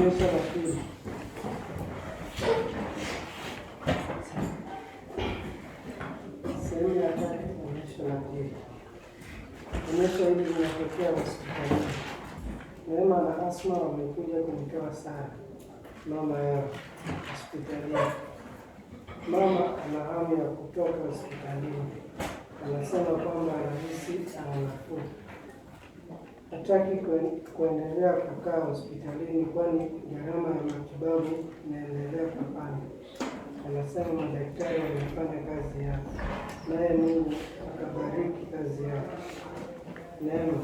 sehemu ya tatu onyesho la pili. Onyesho hili linatokea hospitali. Neema na Asma wamekuja kumtoa Sara mama yao hospitalini. Mama ana hamu ya kutoka hospitalini, anasema kwamba rahisi ana nafuu hataki kuendelea kukaa hospitalini kwani gharama ya matibabu inaendelea kupanda. Anasema madaktari wanafanya kazi yao, naye Mungu akabariki kazi yao. Neema,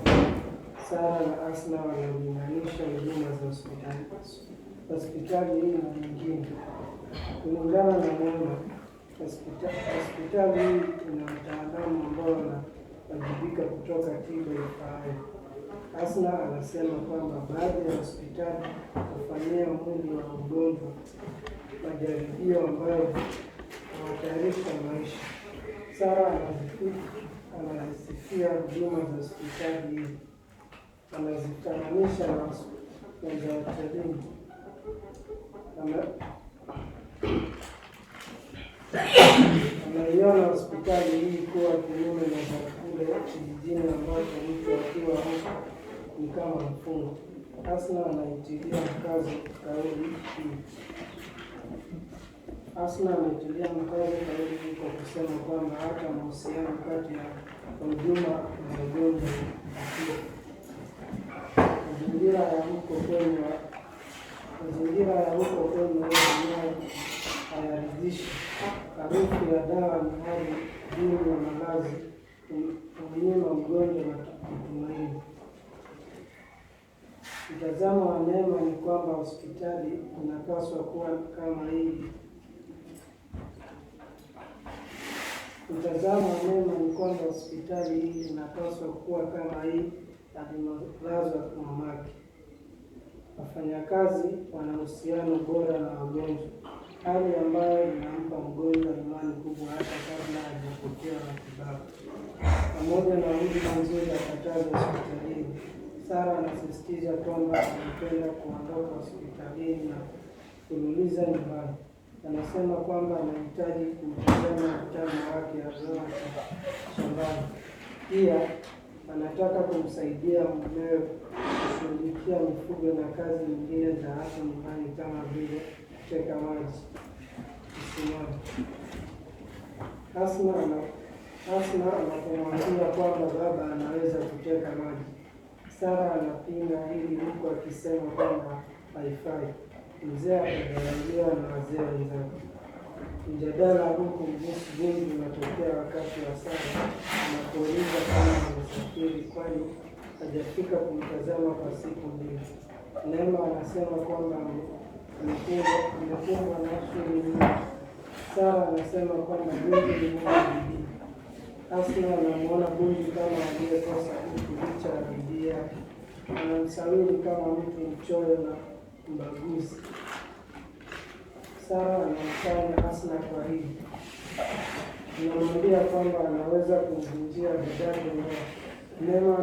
Sara na Asna wanalinganisha huduma za hospitali hospitali hii na nyingine. Kulingana na Neema, hospitali hii ina wataalamu ambao wanawajibika kutoka tiba ifaayo Asna anasema kwamba baadhi ya hospitali kufanyia mwili wa mgonjwa majaribio ambayo hawatayarisha maisha. Sara anazisifia huduma za hospitali hii, anazifananisha na za watalii anaiona hospitali hii kuwa kinyume na za kule kijijini ambapo mtu akiwa huko ni kama mfumo. Hasna anaitilia mkazo kauli hii. Hasna anaitilia mkazo kauli hii kwa kusema kwamba hata mahusiano kati ya hujuma na ugonjwa mazingira ya huko kwenye mazingira ya huko kwenye wenyewe hayaridhishi. Harufu ya dawa ni hali duni ya malazi, umnyima mgonjwa matumaini Mtazamo wa neema ni kwamba hospitali inapaswa kuwa kama hii. Mtazamo wa neema ni kwamba hospitali hii inapaswa kuwa kama hii alilolazwa mamake. Wafanyakazi wana uhusiano bora na wagonjwa, hali ambayo inampa mgonjwa imani kubwa hata kabla hajapokea matibabu. Pamoja na huduma nzuri ya kataza hospitalini Sara anasisitiza kwamba anapenda kuondoka hospitalini na kululiza nyumbani. Anasema kwamba anahitaji kumtazama mtano wake azoa shambani. Pia anataka kumsaidia mumewe kushughulikia mifugo na kazi nyingine za hapo nyumbani kama vile kuteka maji kisimani. Hasna anapomwambia kwamba baba anaweza kuteka maji Sara anapinga hili huku akisema kwamba haifai. Mzee akagawaniwa na wazee wenzake. Mjadala huku mjusi mingi unatokea wakati wa Sara anapouliza kama amesafiri, kwani hajafika kumtazama kwa siku mbili. Neema anasema kwamba amefungwa nafsi nyingi. Sara anasema kwamba Mungu ni mwana bidii. Asma anamwona Mungu kama aliyekosa yake, anamsawiri kama mtu mchoyo na mbaguzi. Sara anamfanya Hasna kwa kwahili, anamwambia kwamba anaweza kumvunjia Bedadi ndoa. Neema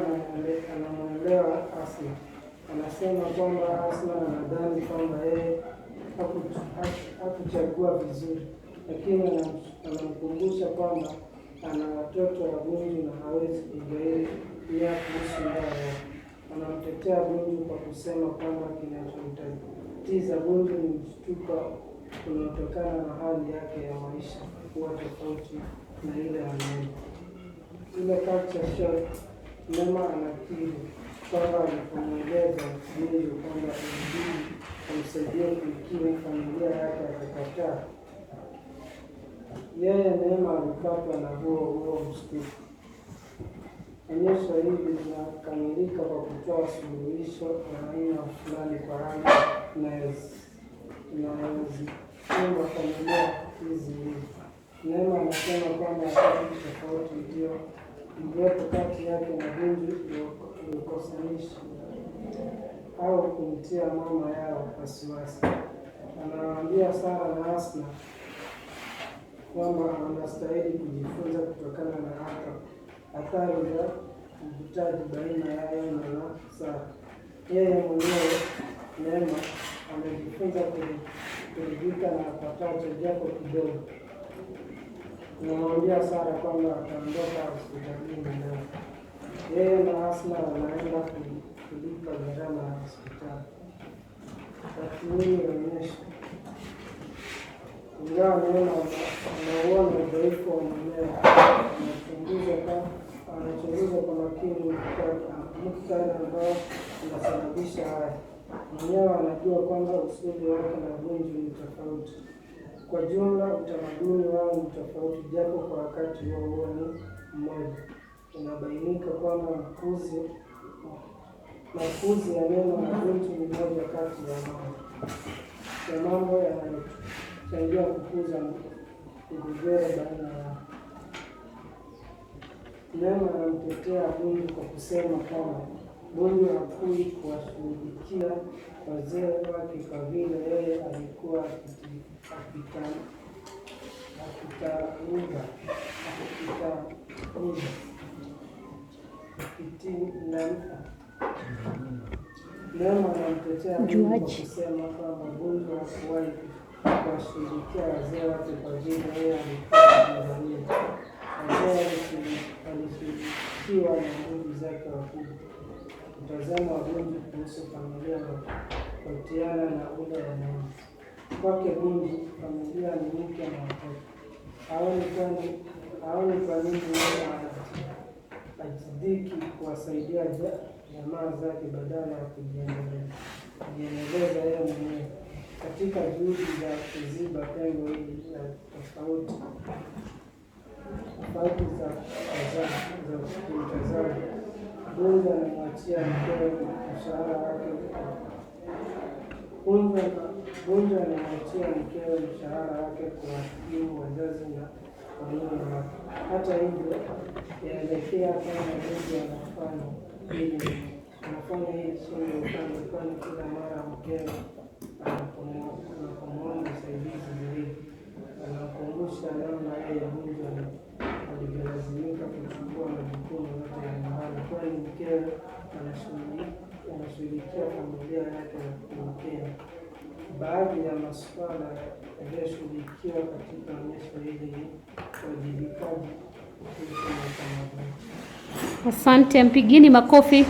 anamwelewa Hasna, anasema kwamba Hasna anadhani kwamba yeye hakuchagua vizuri, lakini anamkumbusha kwamba ana watoto wagonjwa na hawezi kugairi pia kuhusu ndoa. Eh, wanamtetea Bunju kwa kusema kwamba kinachomtatiza Bunju ni mshtuko unaotokana na hali yake ya maisha kuwa tofauti na ile ya Neema. Ile kacha shot, Neema anakiri kwamba alipomweleza Bunju kwamba ilibidi amsaidie kuikimu familia yake akakataa. Yeye Neema alipatwa na huo huo Onyesho hili linakamilika kwa kutoa suluhisho la aina fulani kwa hali inayozikumba familia hizi mbili. Neema anasema kwamba wakati tofauti ndio mliopo kati yake na Hindu ulikosanisha au kumtia mama yao wasiwasi. Anawaambia Sara na Asna kwamba anastahili kujifunza kutokana na hapa athari za uvutaji baina ya yeye na sara. Yeye mwenyewe Neema amejifunza kuridhika na apatacho japo kidogo. Namwambia Sara kwamba ataondoka hospitalini na yeye na Asma wanaenda kulipa gharama ya hospitali. Tathmini inaonyesha ingawa Neema anauona udhaifu wa mumewe anachunguza kwa makini muktadha ambao unasababisha haya. Mwenyewe anajua kwamba usuli wake na Gunju ni tofauti. Kwa jumla, utamaduni wao ni tofauti, japo kwa wakati huo huo ni mmoja. unabainika kwamba mkuzi makuzi ya neno na Gunju ni moja kati ya mambo ya mambo yanayochangia kukuza mgogoro baina yao. Lema anamtetea Bunju kwa kusema kwamba Bunju hakui kuwashughulikia wazee wake kwa vile yeye alikuwa Lema anamtetea Bunju kwa kusema kwamba Bunju hakuwahi kuwashughulikia wazee wake kwa vile yeye alikuwa miongoni zake wakubwa, kutazama wa kuhusu familia kutiana na ule wa Mungu. Kwake Mungu, familia ni mke na watoto. Haoni kwa nini ajidiki kuwasaidia jamaa zake badala ya kujiendeleza yeye mwenyewe katika juhudi za kuziba pengo hili la tofauti tofauti za uwekezaji. Bunge alimwachia mkewe mshahara wake Bunge alimwachia mkewe mshahara wake kuwakimu wazazi na wanyuma wake. Hata hivyo, yaelekea kama Bunge anafanya ili anafanya hii sumu upande kwani kila mara mkewe anapomwomba usaidizi majukumu yote ya maana, kwani mkeo anashughulikia familia yake ya kumpenda. Baadhi ya masuala yaliyoshughulikiwa katika onyesho hili ni uwajibikaji, utu Asante, mpigini makofi.